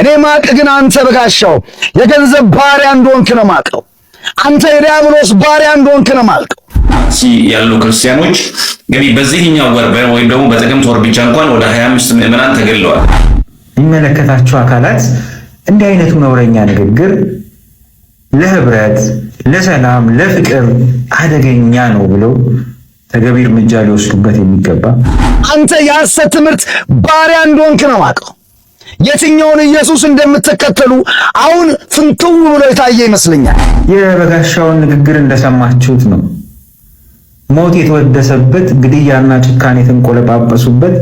እኔ ማቅ ግን አንተ በጋሻው የገንዘብ ባሪያ እንደሆንክ ነው ማቀው። አንተ የዲያብሎስ ባሪያ እንደሆንክ ነው ማቀው። ያሉ ክርስቲያኖች እንግዲህ በዚህኛው ወር ወይም ደግሞ በጥቅምት ወር ብቻ እንኳን ወደ 25 ምዕመናን ተገለዋል። የሚመለከታቸው አካላት እንዲህ አይነቱ ነውረኛ ንግግር ለህብረት፣ ለሰላም፣ ለፍቅር አደገኛ ነው ብለው ተገቢ እርምጃ ሊወስዱበት የሚገባ አንተ የሐሰት ትምህርት ባሪያ እንደሆንክ ነው ማቀው። የትኛውን ኢየሱስ እንደምትከተሉ አሁን ፍንትው ብሎ የታየ ይመስለኛል። የበጋሻውን ንግግር እንደሰማችሁት ነው። ሞት የተወደሰበት፣ ግድያና ጭካኔ የተንቆለጳጰሱበት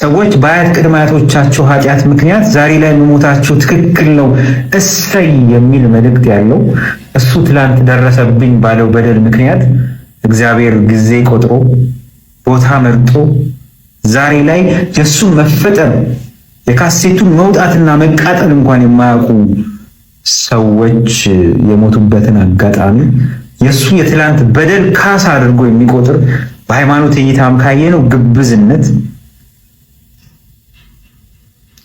ሰዎች በአያት ቅድመ አያቶቻቸው ኃጢአት ምክንያት ዛሬ ላይ መሞታቸው ትክክል ነው እሰይ የሚል መልእክት ያለው እሱ ትላንት ደረሰብኝ ባለው በደል ምክንያት እግዚአብሔር ጊዜ ቆጥሮ ቦታ መርጦ ዛሬ ላይ የእሱ መፈጠር የካሴቱን መውጣትና መቃጠል እንኳን የማያውቁ ሰዎች የሞቱበትን አጋጣሚ የእሱ የትላንት በደል ካሳ አድርጎ የሚቆጥር በሃይማኖት እይታም ካየ ነው ግብዝነት።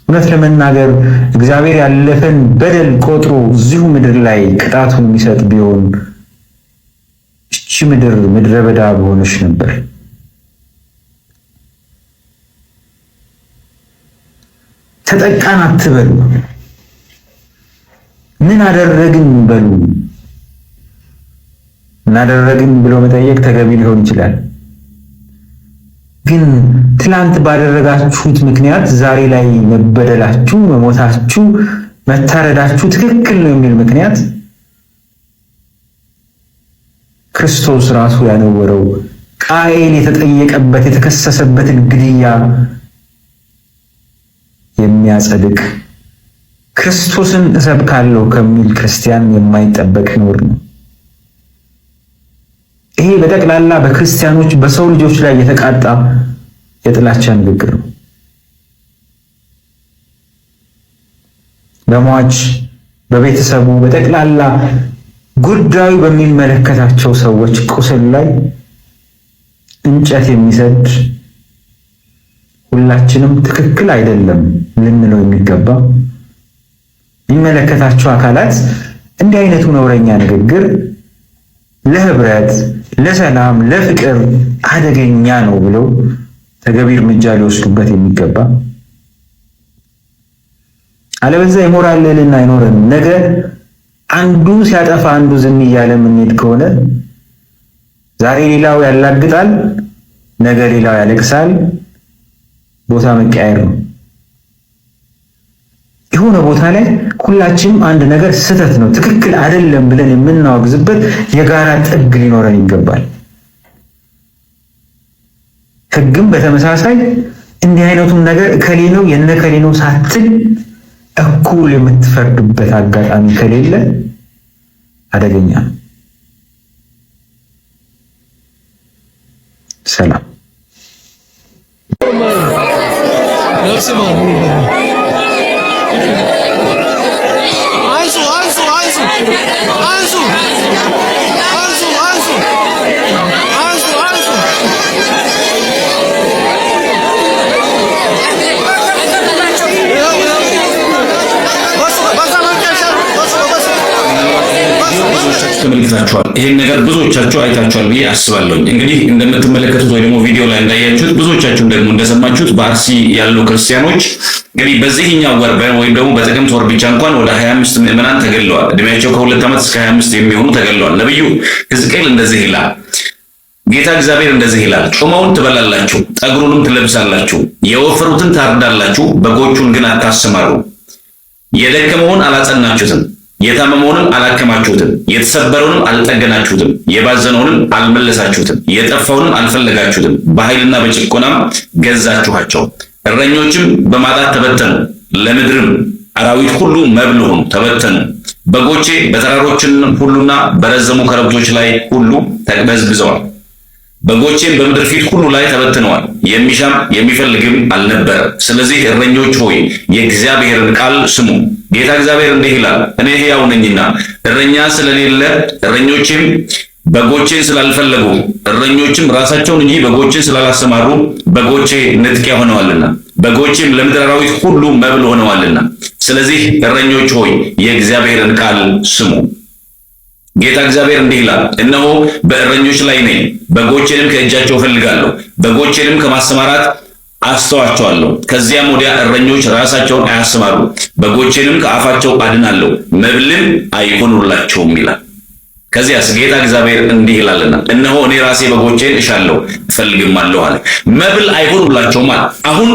እውነት ለመናገር እግዚአብሔር ያለፈን በደል ቆጥሮ እዚሁ ምድር ላይ ቅጣቱን የሚሰጥ ቢሆን እቺ ምድር ምድረ በዳ በሆነች ነበር። ተጠቃን አትበሉ። ምን አደረግን በሉ። እናደረግን ብሎ መጠየቅ ተገቢ ሊሆን ይችላል። ግን ትላንት ባደረጋችሁት ምክንያት ዛሬ ላይ መበደላችሁ፣ መሞታችሁ፣ መታረዳችሁ ትክክል ነው የሚል ምክንያት ክርስቶስ ራሱ ያነወረው ቃኤል የተጠየቀበት የተከሰሰበትን ግድያ የሚያጸድቅ ክርስቶስን እሰብካለሁ ከሚል ክርስቲያን የማይጠበቅ ኖር ነው። ይሄ በጠቅላላ በክርስቲያኖች በሰው ልጆች ላይ የተቃጣ የጥላቻ ንግግር ነው። በሟች በቤተሰቡ በጠቅላላ ጉዳዩ በሚመለከታቸው ሰዎች ቁስል ላይ እንጨት የሚሰድ ሁላችንም ትክክል አይደለም ልንለው የሚገባ የሚመለከታቸው አካላት እንዲህ አይነቱ ነውረኛ ንግግር ለህብረት፣ ለሰላም፣ ለፍቅር አደገኛ ነው ብለው ተገቢ እርምጃ ሊወስዱበት የሚገባ አለበዛ የሞራል ልዕልና አይኖረንም። ነገ አንዱ ሲያጠፋ አንዱ ዝም እያለ የምንሄድ ከሆነ ዛሬ ሌላው ያላግጣል፣ ነገ ሌላው ያለቅሳል። ቦታ መቀያየር ነው። የሆነ ቦታ ላይ ሁላችንም አንድ ነገር ስህተት ነው፣ ትክክል አይደለም ብለን የምናወግዝበት የጋራ ጥግ ሊኖረን ይገባል። ህግም በተመሳሳይ እንዲህ አይነቱን ነገር እከሌ ነው የነ እከሌ ነው ሳትል እኩል የምትፈርድበት አጋጣሚ ከሌለ አደገኛ ነው። ሰላም próximo. Mais um, mais ብዙዎቻችሁ ተመልክታችኋል። ይህን ነገር ብዙዎቻችሁ አይታችኋል ብዬ አስባለሁኝ። እንግዲህ እንደምትመለከቱት ወይ ደግሞ ቪዲዮ ላይ እንዳያችሁት፣ ብዙዎቻችሁም ደግሞ እንደሰማችሁት በአርሲ ያሉ ክርስቲያኖች እንግዲህ በዚህኛው ወር ወይም ደግሞ በጥቅምት ወር ብቻ እንኳን ወደ 25 ምዕመናን ተገለዋል። እድሜያቸው ከሁለት ዓመት እስከ 25 የሚሆኑ ተገለዋል። ነብዩ ሕዝቅኤል እንደዚህ ይላል። ጌታ እግዚአብሔር እንደዚህ ይላል፣ ጮማውን ትበላላችሁ፣ ጠጉሩንም ትለብሳላችሁ፣ የወፈሩትን ታርዳላችሁ፣ በጎቹን ግን አታሰማሩ፣ የደከመውን አላጸናችሁትም የታመመውንም አላከማችሁትም፣ የተሰበረውንም አልጠገናችሁትም፣ የባዘነውንም አልመለሳችሁትም፣ የጠፋውንም አልፈለጋችሁትም፣ በኃይልና በጭቆናም ገዛችኋቸው። እረኞችም በማጣት ተበተኑ፣ ለምድርም አራዊት ሁሉ መብል ሆኑ፣ ተበተኑ። በጎቼ በተራሮችን ሁሉና በረዘሙ ከረብቶች ላይ ሁሉ ተቅበዝብዘዋል። በጎቼም በምድር ፊት ሁሉ ላይ ተበትነዋል፣ የሚሻም የሚፈልግም አልነበረም። ስለዚህ እረኞች ሆይ የእግዚአብሔርን ቃል ስሙ። ጌታ እግዚአብሔር እንዲህ ይላል፣ እኔ ሕያው ነኝና እረኛ ስለሌለ እረኞችም በጎቼን ስላልፈለጉ እረኞችም ራሳቸውን እንጂ በጎቼን ስላላሰማሩ በጎቼ ንጥቂያ ሆነዋልና በጎቼም ለምድር አራዊት ሁሉ መብል ሆነዋልና፣ ስለዚህ እረኞች ሆይ የእግዚአብሔርን ቃል ስሙ። ጌታ እግዚአብሔር እንዲህ ይላል፣ እነሆ በእረኞች ላይ ነኝ፣ በጎቼንም ከእጃቸው እፈልጋለሁ፣ በጎቼንም ከማሰማራት አስተዋቸዋለሁ። ከዚያም ወዲያ እረኞች ራሳቸውን አያስማሩ፣ በጎቼንም ከአፋቸው አድናለሁ፣ መብልም አይሆኑላቸውም ይላል። ከዚያስ ጌታ እግዚአብሔር እንዲህ ይላልና እነሆ እኔ ራሴ በጎቼን እሻለሁ እፈልግማለሁ አለ። መብል አይሆኑላቸውም አለ። አሁን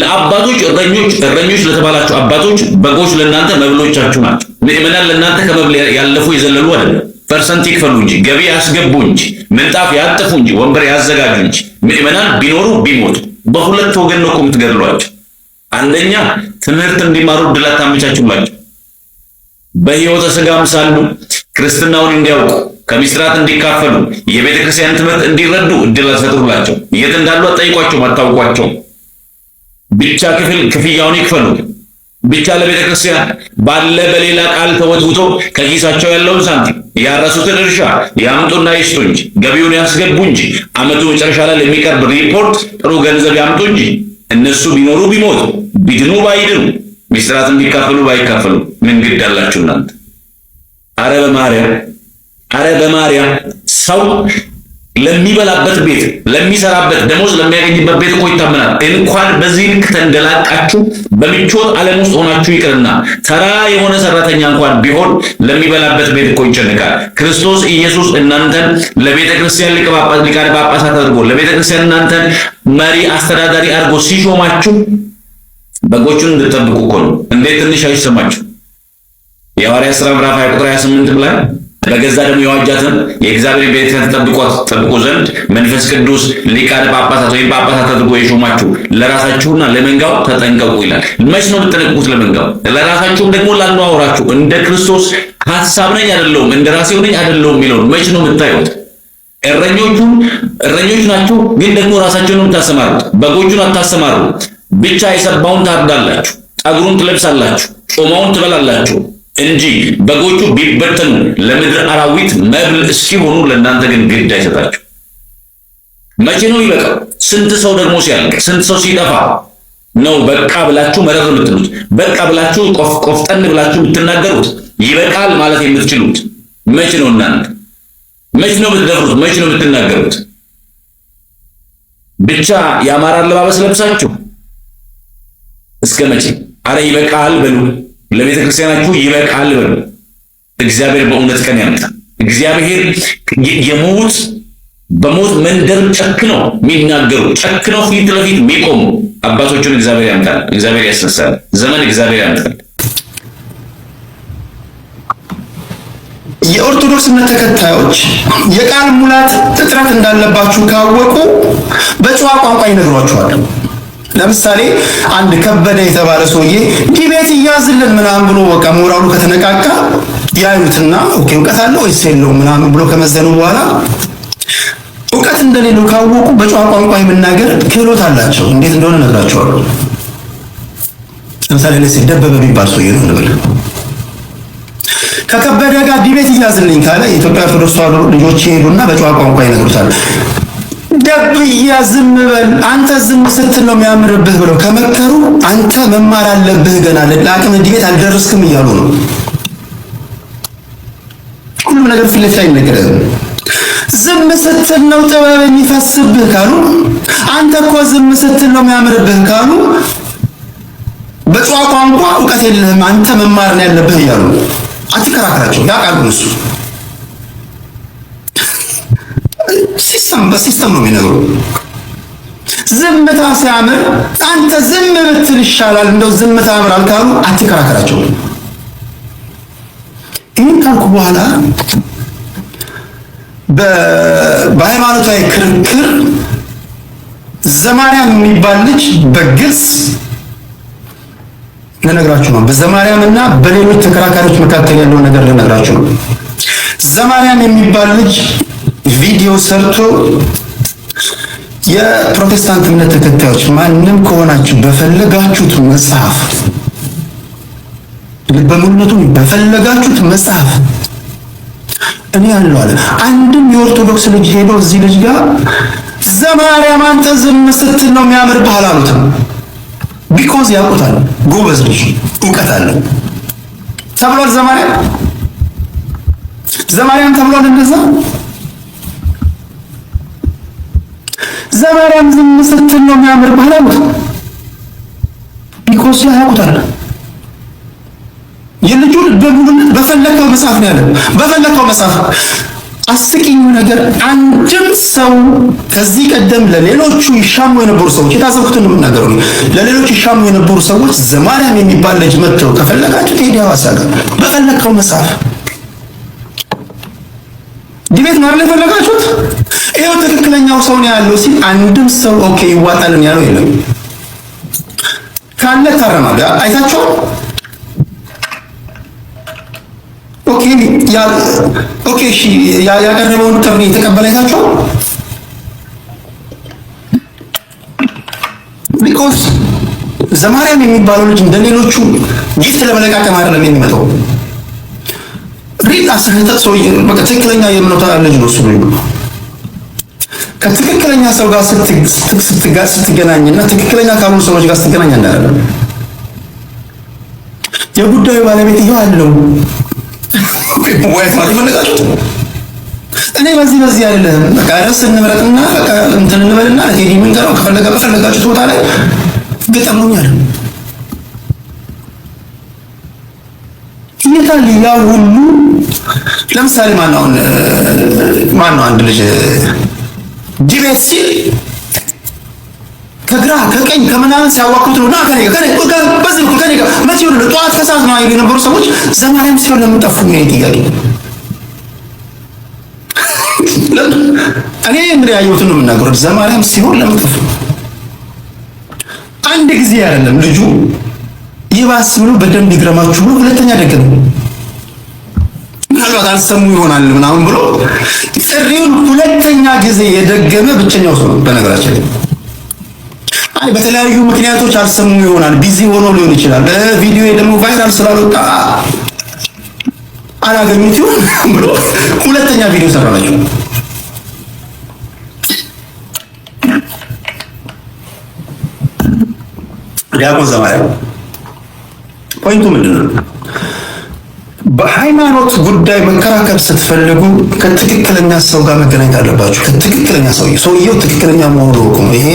ለአባቶች እረኞች እረኞች ለተባላቸው አባቶች በጎች ለእናንተ መብሎቻችሁ ናቸው። ምዕመናን ለእናንተ ከመብል ያለፉ የዘለሉ አይደለም። ፐርሰንት ይክፈሉ እንጂ ገቢ ያስገቡ እንጂ ምንጣፍ ያጥፉ እንጂ ወንበር ያዘጋጁ እንጂ ምእመናን ቢኖሩ ቢሞቱ በሁለት ወገን ነው እኮ የምትገድሏቸው። አንደኛ ትምህርት እንዲማሩ እድል አታመቻቹላቸው። በህይወተ ስጋም ሳሉ ክርስትናውን እንዲያውቁ ከሚስራት እንዲካፈሉ የቤተ ክርስቲያን ትምህርት እንዲረዱ እድል አትሰጡላቸው። የት እንዳሉ አትጠይቋቸውም፣ አታውቋቸውም። ብቻ ክፍል ክፍያውን ይክፈሉ። ብቻ ለቤተ ክርስቲያን ባለ በሌላ ቃል ተወትውቶ ከኪሳቸው ያለውን ሳንቲም ያረሱትን እርሻ ያምጡና ይስጡ እንጂ ገቢውን ያስገቡ እንጂ አመቱ መጨረሻ ላይ ለሚቀርብ ሪፖርት ጥሩ ገንዘብ ያምጡ እንጂ እነሱ ቢኖሩ ቢሞቱ ቢድኑ ባይድኑ ሚስጥራትን ቢካፈሉ ባይካፈሉ ምን ግድ አላችሁ እናንተ? አረ በማርያም አረ በማርያም ሰው ለሚበላበት ቤት ለሚሰራበት ደሞዝ ለሚያገኝበት ቤት እኮ ይታመናል። እንኳን በዚህ ልክ ተንደላቃችሁ በምቾት ዓለም ውስጥ ሆናችሁ ይቅርና ተራ የሆነ ሰራተኛ እንኳን ቢሆን ለሚበላበት ቤት እኮ ይጨንቃል። ክርስቶስ ኢየሱስ እናንተን ለቤተ ክርስቲያን ሊቃነ ጳጳሳት አድርጎ ለቤተ ክርስቲያን እናንተን መሪ አስተዳዳሪ አድርጎ ሲሾማችሁ በጎቹን እንድትጠብቁ እኮ ነው። እንዴት ትንሽ አይሰማችሁ? ስራ ሥራ ምዕራፍ 28 ላይ በገዛ ደግሞ የዋጃትን የእግዚአብሔር ቤትን ተጠብቆ ዘንድ መንፈስ ቅዱስ ሊቃነ ጳጳሳት ወይም ጳጳሳት አድርጎ የሾማችሁ ለራሳችሁና ለመንጋው ተጠንቀቁ ይላል። መች ነው የምትጠነቅቁት? ለመንጋው ለራሳችሁም ደግሞ ላነዋውራችሁ እንደ ክርስቶስ ሀሳብ ነኝ አደለውም፣ እንደ ራሴው ነኝ አደለውም የሚለውን መች ነው የምታዩት? እረኞቹን እረኞች ናችሁ፣ ግን ደግሞ ራሳችሁን ነው የምታሰማሩት። በጎቹን አታሰማሩ። ብቻ የሰባውን ታርዳላችሁ፣ ጠጉሩን ትለብሳላችሁ፣ ጮማውን ትበላላችሁ እንጂ በጎቹ ቢበተኑ ለምድር አራዊት መብል እስኪሆኑ ለእናንተ ግን ግድ አይሰጣችሁ። መቼ ነው ይበቃል? ስንት ሰው ደግሞ ሲያልቅ፣ ስንት ሰው ሲጠፋ ነው በቃ ብላችሁ መረር የምትሉት? በቃ ብላችሁ ቆፍጠን ብላችሁ የምትናገሩት? ይበቃል ማለት የምትችሉት መቼ ነው? እናንተ መቼ ነው የምትደፍሩት? መቼ ነው የምትናገሩት? ብቻ የአማራ አለባበስ ለብሳችሁ እስከ መቼ? አረ ይበቃል በሉ። ለቤተ ክርስቲያናችሁ ይበቃል በሉ። እግዚአብሔር በእውነት ቀን ያመጣል። እግዚአብሔር የሞት በሞት መንደር ጨክነው የሚናገሩ ጨክነው ፊት ለፊት የሚቆሙ አባቶቹን እግዚአብሔር ያምጣል እግዚአብሔር ያስነሳል። ዘመን እግዚአብሔር ያምጣል። የኦርቶዶክስ እምነት ተከታዮች የቃል ሙላት እጥረት እንዳለባችሁ ካወቁ በጨዋ ቋንቋ ይነግሯችኋል። ለምሳሌ አንድ ከበደ የተባለ ሰውዬ ዲቤት እያዝልን ምናምን ብሎ በቃ ሞራሉ ከተነቃቃ ያዩትና ኦኬ እውቀት አለው ወይስ የለውም ምናምን ብሎ ከመዘኑ በኋላ እውቀት እንደሌለው ካወቁ በጨዋ ቋንቋ የመናገር ክህሎት አላቸው። እንዴት እንደሆነ እነግራቸዋለሁ። ለምሳሌ ለሴ ደበበ የሚባል ሰውዬ ነው እንበል። ከከበደ ጋር ዲቤት እያዝልኝ ካለ የኢትዮጵያ ኦርቶዶክስ ተዋሕዶ ልጆች ይሄዱና በጨዋ ቋንቋ ይነግሩታል። ደብያ ዝም በል አንተ ዝም ስትል ነው የሚያምርብህ ብለው ከመከሩ አንተ መማር አለብህ ገና ለአቅም ቤት አልደረስክም እያሉ ነው። ሁሉም ነገር ፊት ለፊት አይነገርም። ዝም ስትል ነው ጥበብ የሚፈስብህ ካሉ አንተ እኮ ዝም ስትል ነው የሚያምርብህ ካሉ በጨዋ ቋንቋ እውቀት የለህም አንተ መማር ነው ያለብህ እያሉ አትከራከራቸው። ያ እሱ በጣም በሲስተም ነው የሚነግሩ። ዝምታ ሲያምር አንተ ዝም ብትል ይሻላል፣ እንደው ዝምታ ያምራል ካሉ አትከራከራቸው። ይህን ካልኩ በኋላ በሃይማኖታዊ ክርክር ዘማርያም የሚባል ልጅ በግልጽ ልነግራችሁ ነው። በዘማርያም እና በሌሎች ተከራካሪዎች መካከል ያለው ነገር ልነግራችሁ ነው። ዘማርያም የሚባል ልጅ ቪዲዮ ሰርቶ የፕሮቴስታንት እምነት ተከታዮች ማንም ከሆናችሁ በፈለጋችሁት መጽሐፍ ልበሙሉነቱን በፈለጋችሁት መጽሐፍ እኔ ያለው አለ። አንድም የኦርቶዶክስ ልጅ ሄዶ እዚህ ልጅ ጋር ዘማርያም አንተ ዝም ስትል ነው የሚያምርብህ አላሉትም። ቢኮዝ ያውቁታል። ጎበዝ ልጅ እውቀት አለው ተብሏል። ዘማርያም ዘማርያም ተብሏል እንደዛ ዘማርያም ዝም ስትል ነው የሚያምርብህ አሉት። ቢኮስ ያያቁታል የልጁን በሙሉነት በፈለከው መጽሐፍ ነው ያለው። በፈለከው መጽሐፍ አስቂኙ ነገር አንድም ሰው ከዚህ ቀደም ለሌሎቹ ይሻሙ የነበሩ ሰዎች የታሰብኩትን ነው የምናገረው። ለሌሎቹ ይሻሙ የነበሩ ሰዎች ዘማርያም የሚባል ልጅ መጥተው ከፈለጋችሁ ትሄድ ሐዋሳ ጋር በፈለከው መጽሐፍ ዲቤት ማር ላይ ይኸው ትክክለኛው ሰው ነው ያለው ሲል አንድም ሰው ኦኬ ይዋጣልን ያለው የለም። ካለ ታረማል። አይታቸው ኦኬ ያ ኦኬ እሺ ያ ያቀረበውን ጥሪ የተቀበለ አይታቸው ቢኮዝ ዘማሪያም የሚባለው ልጅ እንደሌሎቹ ጊፍት ለመለቃቀም አይደለም የሚመጣው። ሪል አስረተ ሰው በቃ ትክክለኛ የምኖታ ልጅ ነው እሱ ነው ከትክክለኛ ሰው ጋር ስትገናኝና ትክክለኛ ካልሆኑ ሰዎች ጋር ስትገናኝ እንዳለ የጉዳዩ ባለቤት ይኸው አለው እኔ በዚህ በዚህ አይደለም። በቃ ርዕስ እንምረጥና በቃ እንትን እንበልና ለቴዲ የምንገረው ከፈለገ በፈለጋችሁት ቦታ ላይ ገጠምሉኛል። ይታል ያ ሁሉ ለምሳሌ ማነው አንድ ልጅ ጅቤት ሲል ከግራ ከቀኝ ከምናምን ሲያዋክሩት ነው። ና ከኔ ከኔ ጋር በዚህ ነው ከኔ ጋር መቼ ነው ጠዋት ከሰዓት ነው አይሉ የነበሩ ሰዎች ዘማሪያም ሲሆን ለምን ጠፉ ነው ጥያቄ። እኔ እንግዲህ ያየሁትን ነው የምናገሩት። ዘማሪያም ሲሆን ለምን ጠፉ? አንድ ጊዜ አይደለም ልጁ ይባስ ብሎ በደንብ ይግረማችሁ ብሎ ሁለተኛ ደግ ነው ምናልባት አልሰሙ ይሆናል ምናምን ብሎ ጥሪውን ሁለተኛ ጊዜ የደገመ ብቸኛው ሰው በነገራችን ላይ አይ በተለያዩ ምክንያቶች አልሰሙ ይሆናል፣ ቢዚ ሆኖ ሊሆን ይችላል፣ በቪዲዮ ደግሞ ቫይራል ስላልወጣ አላገኙት ይሆን ብሎ ሁለተኛ ቪዲዮ ሰራላቸው። ዲያቆን ዘማርያም ፖይንቱ ምንድን ነው? በሃይማኖት ጉዳይ መንከራከር ስትፈልጉ ከትክክለኛ ሰው ጋር መገናኘት አለባችሁ። ከትክክለኛ ሰው ሰውየው ትክክለኛ መሆኑ እኮ ይሄ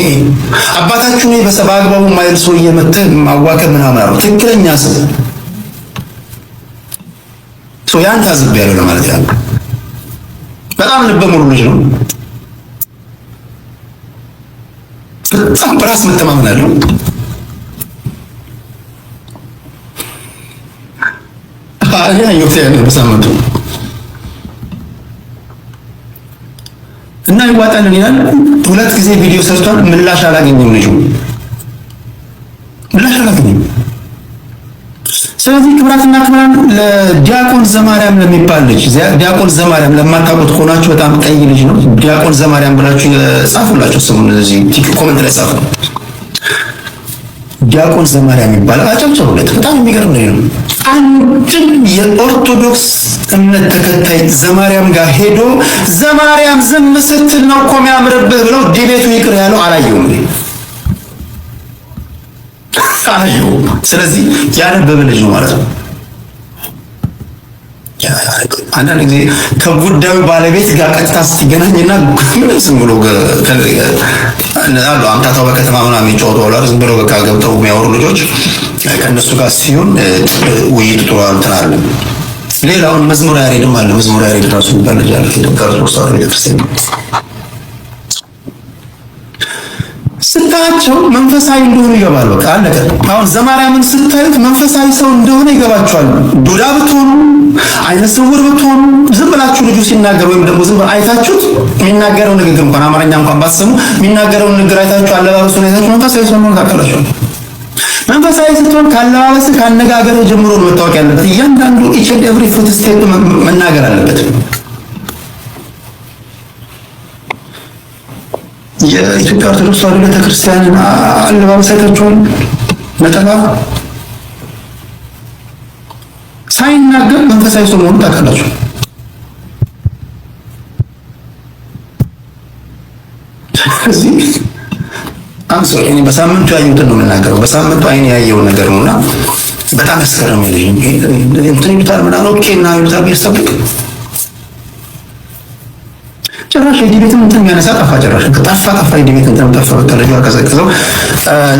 አባታችሁ ነው። በሰባ ማይል ሰው እየመተህ ማዋከብ ምናምን አሉ። ትክክለኛ ሰው ሰው ያን ታዝብ ያለው ለማለት ያለ በጣም ልበ ሙሉ ልጅ ነው። በጣም በራስ መተማመን አለው። እኔ አየሁት በሳምንቱ እና ይዋጣልን ይላል። ሁለት ጊዜ ቪዲዮ ሰርቷል። ምላሽ አላገኘም ልጁ ምላሽ አላገኘም። ስለዚህ ክብራትና ክብራን ለዲያቆን ዘማርያም ለሚባል ልጅ ዲያቆን ዘማርያም ለማታውቁት ከሆናችሁ በጣም ቀይ ልጅ ነው። ዲያቆን ዘማርያም ብላችሁ ጻፉላችሁ ስሙን እዚህ ኮመንት ላይ ጻፉ። ዲያቆን ዘማርያም የሚባለው አጨብጭቡለት። በጣም የሚገርም ነው። አንድም የኦርቶዶክስ እምነት ተከታይ ዘማርያም ጋር ሄዶ ዘማርያም ዝም ስትል ነው እኮ የሚያምርብህ ብለው ዲቤቱ ይቅር ያለው አላየውም አላየውም። ስለዚህ ያነበበ ልጅ ነው ማለት ነው። አንዳንድ ጊዜ ከጉዳዩ ባለቤት ጋር ቀጥታ ስትገናኝና ዝም ብሎ አምታታው በከተማ ምናምን የሚጫወቱ ዶላር ዝም ብሎ በቃ ገብተው የሚያወሩ ልጆች ከእነሱ ጋር ሲሆን ውይይቱ ጥሩ እንትን አለ። ሌላውን መዝሙር ያሬድም አለ። መዝሙር ያሬድ ራሱ የሚባል ልጅ አለ። ስታያቸው መንፈሳዊ እንደሆኑ ይገባል። በቃ አለቀ። አሁን ዘማርያምን ስታዩት መንፈሳዊ ሰው እንደሆነ ይገባቸዋል። ዱዳ ብትሆኑ፣ አይነ ስውር ብትሆኑ ዝም ብላችሁ ልጁ ሲናገር ወይም ደግሞ ዝም አይታችሁት የሚናገረው ንግግር እንኳን አማርኛ እንኳን ባሰሙ የሚናገረው ንግግር አይታችሁ አለባበሱ አይታችሁ መንፈሳዊ ሰው ነው ታውቃላችሁ። መንፈሳዊ ስትሆን ካለባበስ ካነጋገር ጀምሮ ነው መታወቅ ያለበት። እያንዳንዱ ኢች ኤንድ ኤቭሪ ፉት ስቴፕ መናገር አለበት። የኢትዮጵያ ኦርቶዶክስ ተዋህዶ ቤተክርስቲያን አለባበስ አይታችኋል። ነጠላ ሳይናገር መንፈሳዊ ሰው መሆኑን ታውቃላችሁ። ስለዚህ አንሶ እኔ በሳምንቱ ያየሁትን ነው የምናገረው። በሳምንቱ አይኔ ያየው ነገር ነውና በጣም ያስገርመኝ ልጅ እንትን ይሉታል ምናምን ኦኬ እና ይሉታል ቤተሰብ ጭራሽ የዲቤት እንትን የሚያነሳ ጠፋ። ጭራሽ ጠፋ ጠፋ የዲቤት እንትን ጠፋ። በተለዩ አቀዘቅዘው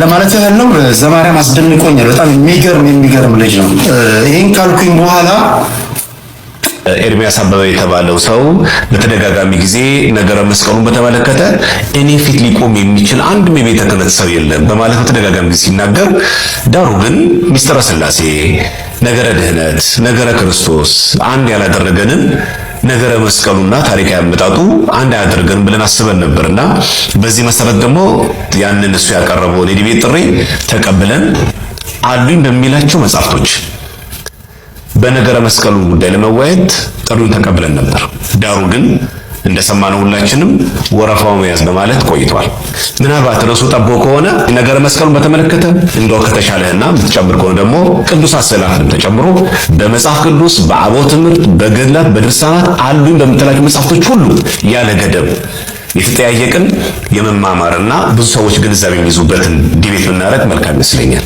ለማለት ያህል ነው። ዘማሪያም አስደንቆኛል። በጣም የሚገርም የሚገርም ልጅ ነው። ይህን ካልኩኝ በኋላ ኤርሚያስ አበበ የተባለው ሰው በተደጋጋሚ ጊዜ ነገረ መስቀሉን በተመለከተ እኔ ፊት ሊቆም የሚችል አንድም የቤተ ክህነት ሰው የለም በማለት በተደጋጋሚ ጊዜ ሲናገር፣ ዳሩ ግን ሚስጥረ ስላሴ፣ ነገረ ድህነት ነገረ ክርስቶስ አንድ ያላደረገንን ነገረ መስቀሉና ታሪካዊ አመጣጡ አንድ አያደርገን ብለን አስበን ነበርና በዚህ መሰረት ደግሞ ያንን እሱ ያቀረበውን የዲቤት ጥሪ ተቀብለን አሉኝ በሚላቸው መጽሐፍቶች በነገረ መስቀሉ ጉዳይ ለመወያየት ጥሪውን ተቀብለን ነበር። ዳሩ ግን እንደሰማነው ሁላችንም ወረፋው መያዝ በማለት ቆይቷል። ምናልባት ርዕሱ ጠቦ ከሆነ ነገረ መስቀሉን በተመለከተ እንደው ከተሻለህና የምትጨምር ከሆነ ደግሞ ቅዱሳት ስዕላትንም ተጨምሮ በመጽሐፍ ቅዱስ በአበው ትምህርት በገድላት በድርሳናት አሉኝ በምትላቸው መጽሐፍቶች ሁሉ ያለ ገደብ የተጠያየቅን የመማማርና ብዙ ሰዎች ግንዛቤ የሚይዙበትን ዲቤት ብናደርግ መልካም ይመስለኛል።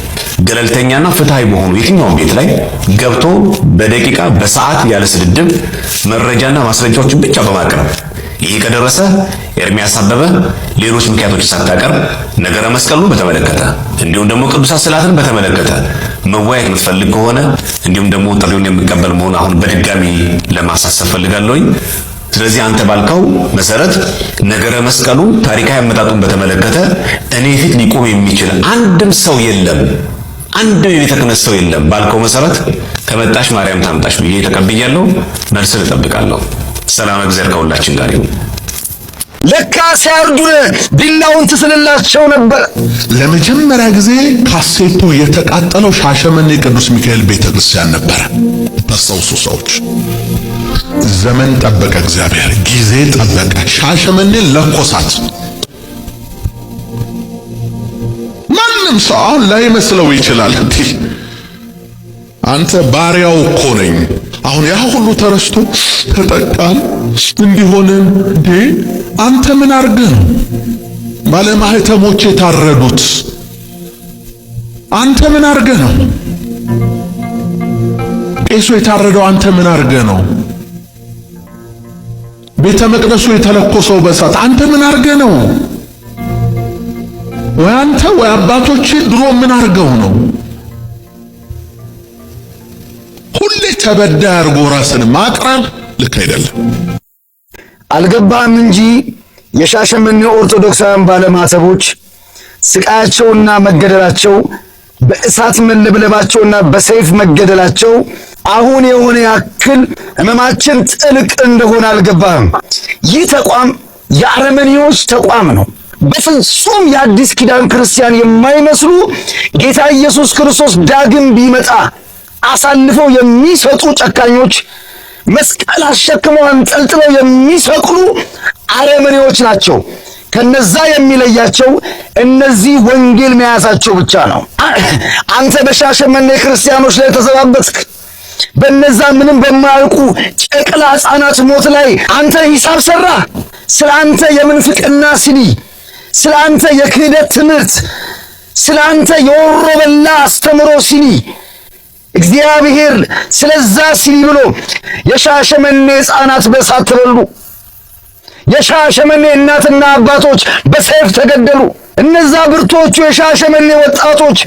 ገለልተኛና ፍትሐዊ በሆኑ የትኛውም ቤት ላይ ገብቶ በደቂቃ በሰዓት ያለ ስድድብ መረጃና ማስረጃዎችን ብቻ በማቅረብ ይህ ከደረሰ ኤርሚያስ አበበ ሌሎች ምክንያቶች ሳታቀርብ ነገረ መስቀሉን በተመለከተ እንዲሁም ደግሞ ቅዱሳት ስዕላትን በተመለከተ መወያየት የምትፈልግ ከሆነ እንዲሁም ደግሞ ጥሪውን የምቀበል መሆን አሁን በድጋሚ ለማሳሰብ ፈልጋለሁኝ። ስለዚህ አንተ ባልከው መሰረት ነገረ መስቀሉ ታሪካዊ አመጣጡን በተመለከተ እኔ ፊት ሊቆም የሚችል አንድም ሰው የለም፣ አንድም የቤተ ክህነት ሰው የለም ባልከው መሰረት ከመጣሽ ማርያም ታምጣሽ ብዬ ተቀብያለሁ። መልስ እጠብቃለሁ። ሰላም እግዚአብሔር ከሁላችን ጋር ይሁን። ለካ ሲያርዱን ቢላውን ትስልላቸው ነበር። ለመጀመሪያ ጊዜ ካሴቶ የተቃጠለው ሻሸመኔ ቅዱስ ሚካኤል ቤተክርስቲያን ነበረ። ተሰውሱ ሰዎች ዘመን ጠበቀ፣ እግዚአብሔር ጊዜ ጠበቀ። ሻሸመኔን ለኮሳት። ማንም ሰው አሁን ላይመስለው ይችላል። አንተ ባሪያው እኮ ነኝ አሁን ያ ሁሉ ተረስቶ ተጠቃል እንዲሆን እንዴ አንተ ምን አርገህ ነው ባለማህተሞች የታረዱት? አንተ ምን አርገህ ነው ቄሱ የታረደው? አንተ ምን አርገህ ነው ቤተ መቅደሱ የተለኮሰው በሳት? አንተ ምን አርገህ ነው ወይ አንተ ወይ አባቶች ድሮ ምን አርገው ነው ሁሌ ተበዳ አድርጎ ራስን ማቅረብ ልክ አይደለም። አልገባም እንጂ የሻሸመኔ ኦርቶዶክሳውያን ባለማተቦች ስቃያቸውና መገደላቸው በእሳት መለብለባቸውና በሰይፍ መገደላቸው አሁን የሆነ ያክል ህመማችን ጥልቅ እንደሆነ አልገባህም። ይህ ተቋም የአረመኔዎች ተቋም ነው። በፍጹም የአዲስ ኪዳን ክርስቲያን የማይመስሉ ጌታ ኢየሱስ ክርስቶስ ዳግም ቢመጣ አሳልፈው የሚሰጡ ጨካኞች፣ መስቀል አሸክመው አንጠልጥለው የሚሰቅሉ አረመኔዎች ናቸው። ከነዛ የሚለያቸው እነዚህ ወንጌል መያዛቸው ብቻ ነው። አንተ በሻሸመኔ ክርስቲያኖች ላይ ተዘባበትክ። በነዛ ምንም በማያውቁ ጨቅላ ሕፃናት ሞት ላይ አንተ ሂሳብ ሰራ። ስለ አንተ የምንፍቅና ሲኒ፣ ስለ አንተ የክህደት ትምህርት፣ ስለ አንተ የወሮበላ አስተምሮ ሲኒ እግዚአብሔር ስለዛ ሲል ብሎ የሻሸመኔ ሕፃናት በእሳት ተበሉ። የሻሸመኔ እናትና አባቶች በሰይፍ ተገደሉ። እነዛ ብርቶቹ የሻሸመኔ ወጣቶች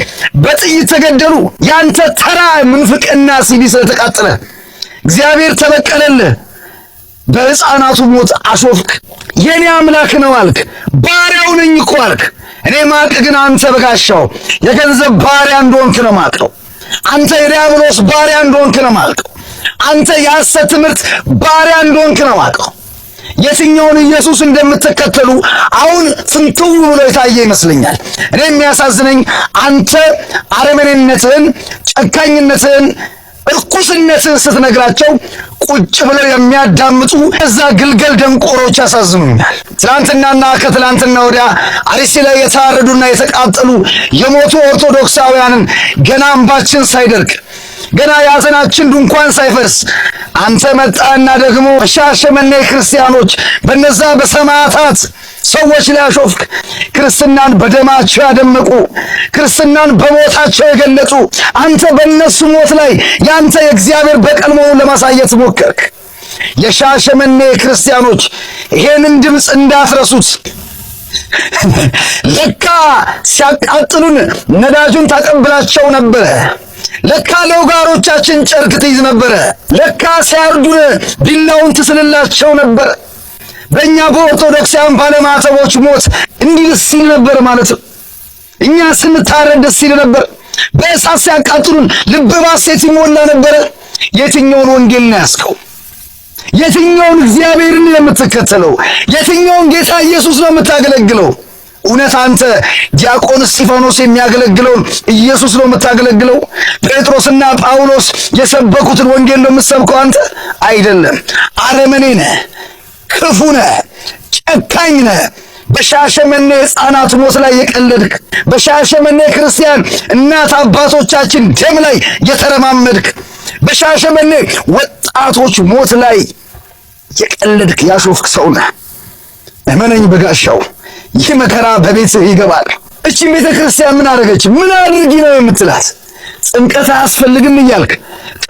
በጥይት ተገደሉ። ያንተ ተራ ምንፍቅና ሲቪ ስለተቃጠለ እግዚአብሔር ተበቀለልህ። በሕፃናቱ ሞት አሾፍክ። የኔ አምላክ ነው አልክ። ባሪያው ነኝ እኮ አልክ። እኔ ማቅ ግን አንተ በጋሻው የገንዘብ ባሪያ እንደሆንክ ነው ማቀው አንተ የዲያብሎስ ባሪያ እንደሆንክ ነው የማውቀው። አንተ የሐሰት ትምህርት ባሪያ እንደሆንክ ነው የማውቀው። የትኛውን ኢየሱስ እንደምትከተሉ አሁን ፍንትው ብሎ የታየ ይመስለኛል። እኔ የሚያሳዝነኝ አንተ አረመኔነትህን፣ ጨካኝነትህን እርኩስነትን ስትነግራቸው ቁጭ ብለው የሚያዳምጡ እዛ ግልገል ደንቆሮች ያሳዝኑኛል። ትላንትናና ከትላንትና ወዲያ አርሲ ላይ የታረዱና የተቃጠሉ የሞቱ ኦርቶዶክሳውያንን ገና እንባችን ሳይደርቅ ገና የሐዘናችን ድንኳን ሳይፈርስ አንተ መጣና ደግሞ በሻሸመኔ ክርስቲያኖች በነዛ በሰማዕታት ሰዎች ላይ ያሾፍክ፣ ክርስትናን በደማቸው ያደመቁ፣ ክርስትናን በሞታቸው የገለጹ አንተ በእነሱ ሞት ላይ ያንተ የእግዚአብሔር በቀል መሆኑን ለማሳየት ሞከርክ። የሻሸመኔ ክርስቲያኖች ይሄንን ድምፅ እንዳትረሱት። ለካ ሲያቃጥሉን ነዳጁን ታቀብላቸው ነበረ። ለካ ለውጋሮቻችን ጨርቅ ትይዝ ነበረ። ለካ ሲያርዱን ቢላውን ትስልላቸው ነበረ። በእኛ በኦርቶዶክሳውያን ባለማተቦች ሞት እንዲህ ሲል ነበር ማለት ነው። እኛ ስንታረድ ደስ ሲል ነበር። በእሳት ሲያቃጥሉን ልብ ባሴት ይሞላ ነበረ። የትኛውን ወንጌል ነው ያስከው? የትኛውን እግዚአብሔርን የምትከተለው? የትኛውን ጌታ ኢየሱስ ነው የምታገለግለው? እውነት አንተ ዲያቆን እስጢፋኖስ የሚያገለግለውን ኢየሱስ ነው የምታገለግለው? ጴጥሮስና ጳውሎስ የሰበኩትን ወንጌል ነው የምትሰብከው አንተ? አይደለም፣ አረመኔ ነህ። ክፉ ነህ፣ ጨካኝ ነህ። በሻሸመኔ ሕፃናት ሞት ላይ የቀለድክ፣ በሻሸመኔ ክርስቲያን እናት አባቶቻችን ደም ላይ የተረማመድክ፣ በሻሸመኔ ወጣቶች ሞት ላይ የቀለድክ ያሾፍክ ሰው ነህ። እመነኝ በጋሻው ይህ መከራ በቤትህ ይገባል። እቺ ቤተ ክርስቲያን ምን አደረገች? ምን አድርጊ ነው የምትላት? ጥምቀት አያስፈልግም እያልክ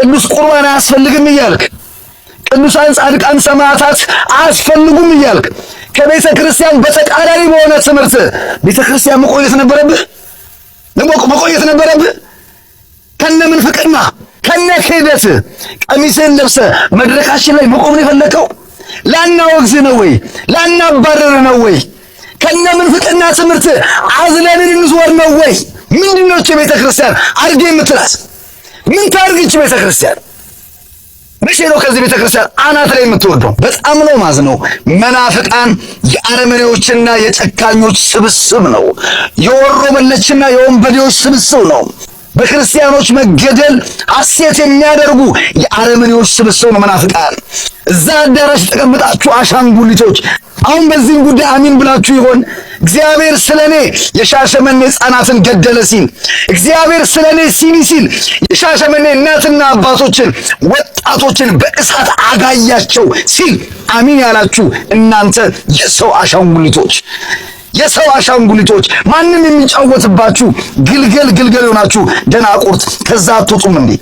ቅዱስ ቁርባን አያስፈልግም እያልክ ቅዱሳን ጻድቃን ሰማዕታት አያስፈልጉም እያልክ ከቤተ ክርስቲያን በተቃራኒ በሆነ ትምህርት ቤተ ክርስቲያን መቆየት ነበረብህ መቆየት ነበረብህ ከነ ምን ፍቅና ከነ ክህደት ቀሚስህን ለብሰ መድረካችን ላይ መቆም ነው የፈለከው ላናወግዝ ነው ወይ ላናባረር ነው ወይ ከነ ምን ፍቅና ትምህርት አዝለን ልንዞር ነው ወይ ምንድነች ቤተ ክርስቲያን አድርጌ የምትላት ምን ታርግች ቤተ ክርስቲያን ንሽ ነው ከዚህ ቤተክርስቲያን አናት ላይ የምትወርደው። በጣም ነው ማዝነው። መናፍቃን የአረመኔዎችና የጨካኞች ስብስብ ነው። የወሮ በሎችና የወንበዴዎች ስብስብ ነው። በክርስቲያኖች መገደል ሐሴት የሚያደርጉ የአረመኔዎች ስብስብ ነው መናፍቃን። እዛ አዳራሽ የተቀመጣችሁ አሻንጉሊቶች አሁን በዚህም ጉዳይ አሚን ብላችሁ ይሆን? እግዚአብሔር ስለ እኔ የሻሸመኔ ሕፃናትን ገደለ ሲል እግዚአብሔር ስለ እኔ ሲኒ ሲል የሻሸመኔ እናትና አባቶችን ወጣቶችን በእሳት አጋያቸው ሲል አሚን ያላችሁ እናንተ የሰው አሻንጉሊቶች የሰው አሻንጉሊቶች፣ ማንም የሚጫወትባችሁ ግልገል ግልገል የሆናችሁ ደናቁርት ከዛ አትወጡም እንዴ?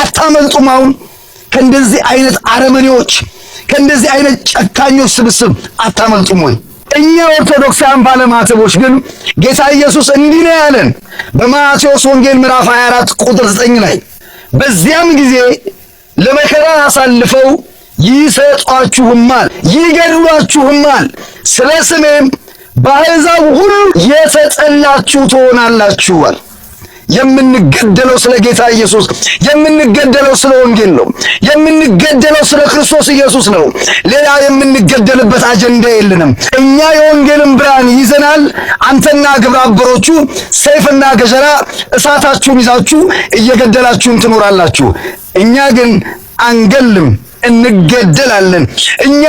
አታመልጡም? አሁን ከእንደዚህ አይነት አረመኔዎች፣ ከእንደዚህ አይነት ጨካኞች ስብስብ አታመልጡም ወይ? እኛ ኦርቶዶክሳውያን ባለማተቦች ግን ጌታ ኢየሱስ እንዲህ ነው ያለን በማቴዎስ ወንጌል ምዕራፍ 24 ቁጥር 9 ላይ በዚያም ጊዜ ለመከራ አሳልፈው ይሰጧችሁማል፣ ይገድሏችሁማል፣ ስለ ስሜም በአሕዛብ ሁሉ የተጠላችሁ ትሆናላችኋል። የምንገደለው ስለ ጌታ ኢየሱስ፣ የምንገደለው ስለ ወንጌል ነው። የምንገደለው ስለ ክርስቶስ ኢየሱስ ነው። ሌላ የምንገደልበት አጀንዳ የለንም። እኛ የወንጌልን ብርሃን ይዘናል። አንተና ግብረ አበሮቹ ሰይፍና ገጀራ እሳታችሁን ይዛችሁ እየገደላችሁን ትኖራላችሁ። እኛ ግን አንገልም። እንገደላለን። እኛ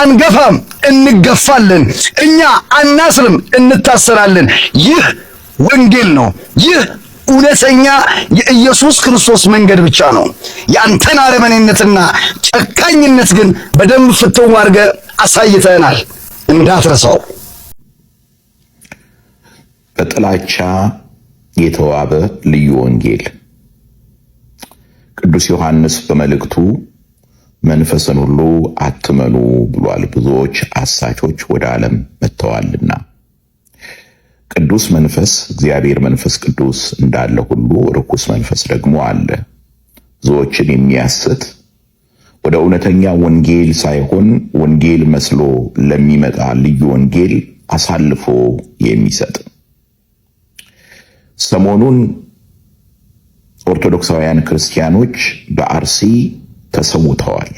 አንገፋም፣ እንገፋለን። እኛ አናስርም፣ እንታሰራለን። ይህ ወንጌል ነው። ይህ እውነተኛ የኢየሱስ ክርስቶስ መንገድ ብቻ ነው። ያንተን አረመኔነትና ጨካኝነት ግን በደንብ ፍትው አድርገህ አሳይተናል። እንዳትረሳው። በጥላቻ የተዋበ ልዩ ወንጌል ቅዱስ ዮሐንስ በመልእክቱ መንፈስን ሁሉ አትመኑ ብሏል። ብዙዎች አሳቾች ወደ ዓለም መጥተዋልና ቅዱስ መንፈስ እግዚአብሔር መንፈስ ቅዱስ እንዳለ ሁሉ ርኩስ መንፈስ ደግሞ አለ። ብዙዎችን የሚያስት ወደ እውነተኛ ወንጌል ሳይሆን ወንጌል መስሎ ለሚመጣ ልዩ ወንጌል አሳልፎ የሚሰጥ ሰሞኑን ኦርቶዶክሳውያን ክርስቲያኖች በአርሲ ተሰውተዋል።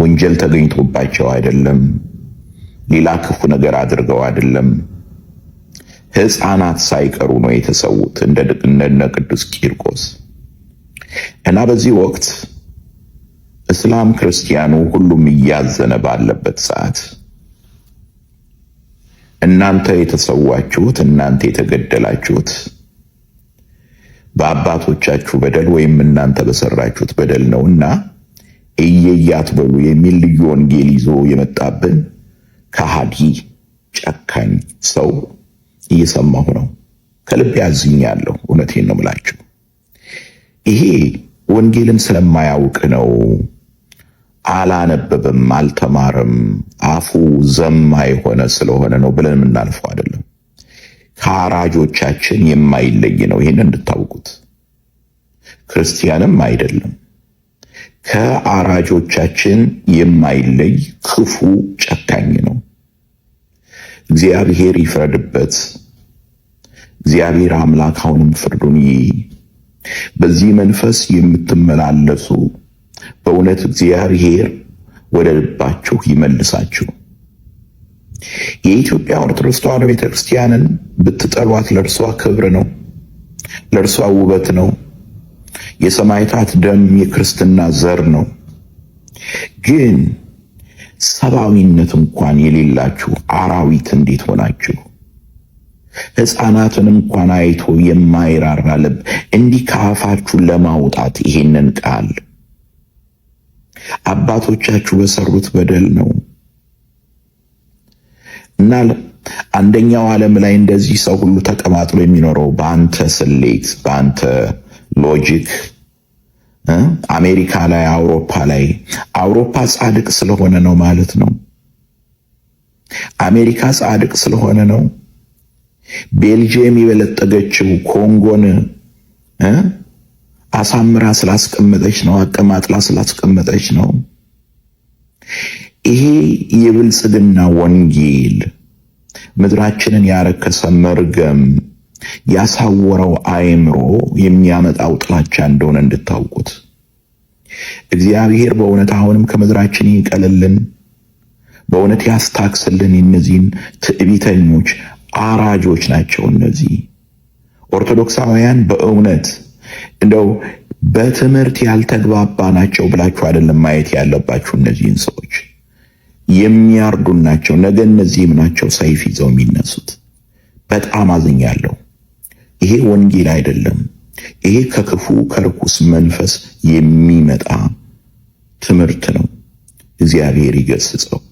ወንጀል ተገኝቶባቸው አይደለም፣ ሌላ ክፉ ነገር አድርገው አይደለም። ሕፃናት ሳይቀሩ ነው የተሰዉት እንደ ቅዱስ ቂርቆስ እና በዚህ ወቅት እስላም ክርስቲያኑ ሁሉም እያዘነ ባለበት ሰዓት እናንተ የተሰዋችሁት እናንተ የተገደላችሁት በአባቶቻችሁ በደል ወይም እናንተ በሰራችሁት በደል ነውና እየያት በሉ የሚል ልዩ ወንጌል ይዞ የመጣብን ከሃዲ ጨካኝ ሰው እየሰማሁ ነው። ከልብ ያዝኛለሁ። እውነቴን ነው የምላችሁ። ይሄ ወንጌልን ስለማያውቅ ነው። አላነበበም፣ አልተማረም፣ አፉ ዘማ የሆነ ስለሆነ ነው ብለን የምናልፈው አይደለም። ከአራጆቻችን የማይለይ ነው። ይህን እንድታውቁት። ክርስቲያንም አይደለም ከአራጆቻችን የማይለይ ክፉ ጨካኝ ነው። እግዚአብሔር ይፍረድበት። እግዚአብሔር አምላክ አሁንም ፍርዱን በዚህ መንፈስ የምትመላለሱ በእውነት እግዚአብሔር ወደ ልባችሁ ይመልሳችሁ። የኢትዮጵያ ኦርቶዶክስ ተዋሕዶ ቤተክርስቲያንን ብትጠሏት ለእርሷ ክብር ነው፣ ለእርሷ ውበት ነው። የሰማዕታት ደም የክርስትና ዘር ነው። ግን ሰብአዊነት እንኳን የሌላችሁ አራዊት እንዴት ሆናችሁ? ሕፃናትን እንኳን አይቶ የማይራራ ልብ እንዲህ ከአፋችሁ ለማውጣት ይሄንን ቃል አባቶቻችሁ በሰሩት በደል ነው እና አንደኛው ዓለም ላይ እንደዚህ ሰው ሁሉ ተቀማጥሎ የሚኖረው በአንተ ስሌት፣ በአንተ ሎጂክ አሜሪካ ላይ፣ አውሮፓ ላይ አውሮፓ ጻድቅ ስለሆነ ነው ማለት ነው። አሜሪካ ጻድቅ ስለሆነ ነው። ቤልጅየም የበለጠገችው ኮንጎን አሳምራ ስላስቀመጠች ነው። አቀማጥላ ስላስቀመጠች ነው። ይሄ የብልጽግና ወንጌል ምድራችንን ያረከሰ መርገም ያሳወረው አእምሮ የሚያመጣው ጥላቻ እንደሆነ እንድታውቁት እግዚአብሔር በእውነት አሁንም ከምድራችን ይቀልልን፣ በእውነት ያስታክስልን። እነዚህን ትዕቢተኞች አራጆች ናቸው። እነዚህ ኦርቶዶክሳውያን በእውነት እንደው በትምህርት ያልተግባባ ናቸው ብላችሁ አይደለም ማየት ያለባችሁ እነዚህን ሰዎች። የሚያርዱን ናቸው። ነገ እነዚህም ናቸው ሰይፍ ይዘው የሚነሱት። በጣም አዝኛለሁ። ይሄ ወንጌል አይደለም። ይሄ ከክፉ ከርኩስ መንፈስ የሚመጣ ትምህርት ነው። እግዚአብሔር ይገስጸው።